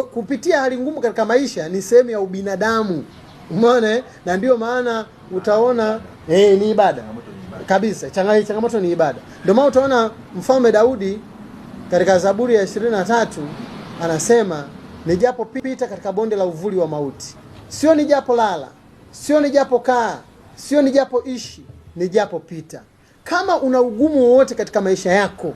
kupitia hali ngumu katika maisha ni sehemu ya ubinadamu, umeona, eh? na ndio maana utaona eh, ni ibada kabisa. Changamoto ni ibada, ndio maana utaona mfalme Daudi katika Zaburi ya 23 anasema nijapopita pita katika bonde la uvuli wa mauti, sio nijapo lala, sio nijapo kaa, sio nijapo ishi, nijapopita pita. Kama una ugumu wowote katika maisha yako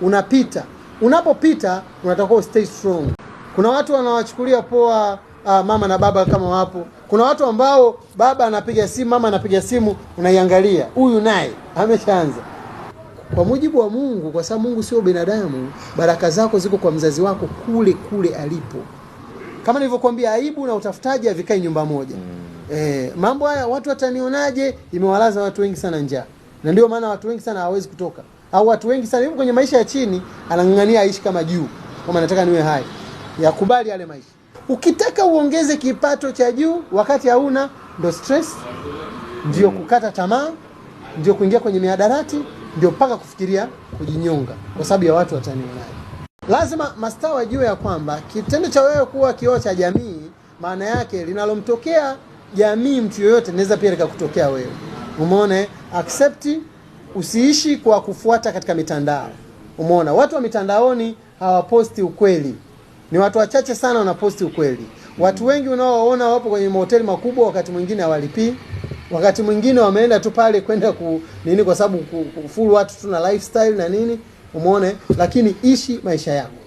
unapita, unapopita unatakiwa stay strong. Kuna watu wanawachukulia poa uh, mama na baba kama wapo. Kuna watu ambao baba anapiga simu, mama anapiga simu, unaiangalia huyu naye ameshaanza. Kwa mujibu wa Mungu, kwa sababu Mungu sio binadamu, baraka zako ziko kwa mzazi wako kule kule alipo. Kama nilivyokuambia, aibu na utafutaji havikai nyumba moja. mm. E, mambo haya watu watanionaje, imewalaza watu wengi sana njaa, na ndio maana watu wengi sana hawawezi kutoka, au watu wengi sana yuko kwenye maisha ya chini, anang'ang'ania aishi kama juu, kama nataka niwe hai yakubali yale maisha. Ukitaka uongeze kipato cha juu wakati hauna, ndo stress, ndio mm. kukata tamaa, ndio kuingia kwenye mihadarati, ndio mpaka kufikiria kujinyonga kwa sababu ya watu watanionaje. Lazima mastaa wajue ya kwamba kitendo cha wewe kuwa kioo cha jamii, maana yake linalomtokea jamii mtu yoyote naweza pia likakutokea wewe. Umeona, eh? accept usiishi kwa kufuata katika mitandao. Umeona, watu wa mitandaoni hawaposti ukweli. Ni watu wachache sana wanaposti ukweli. Watu wengi unaowaona wapo kwenye mahoteli makubwa, wakati mwingine hawalipii, wakati mwingine wameenda tu pale kwenda ku nini, kwa sababu kufuru watu tuna lifestyle na nini, umeone, lakini ishi maisha yako.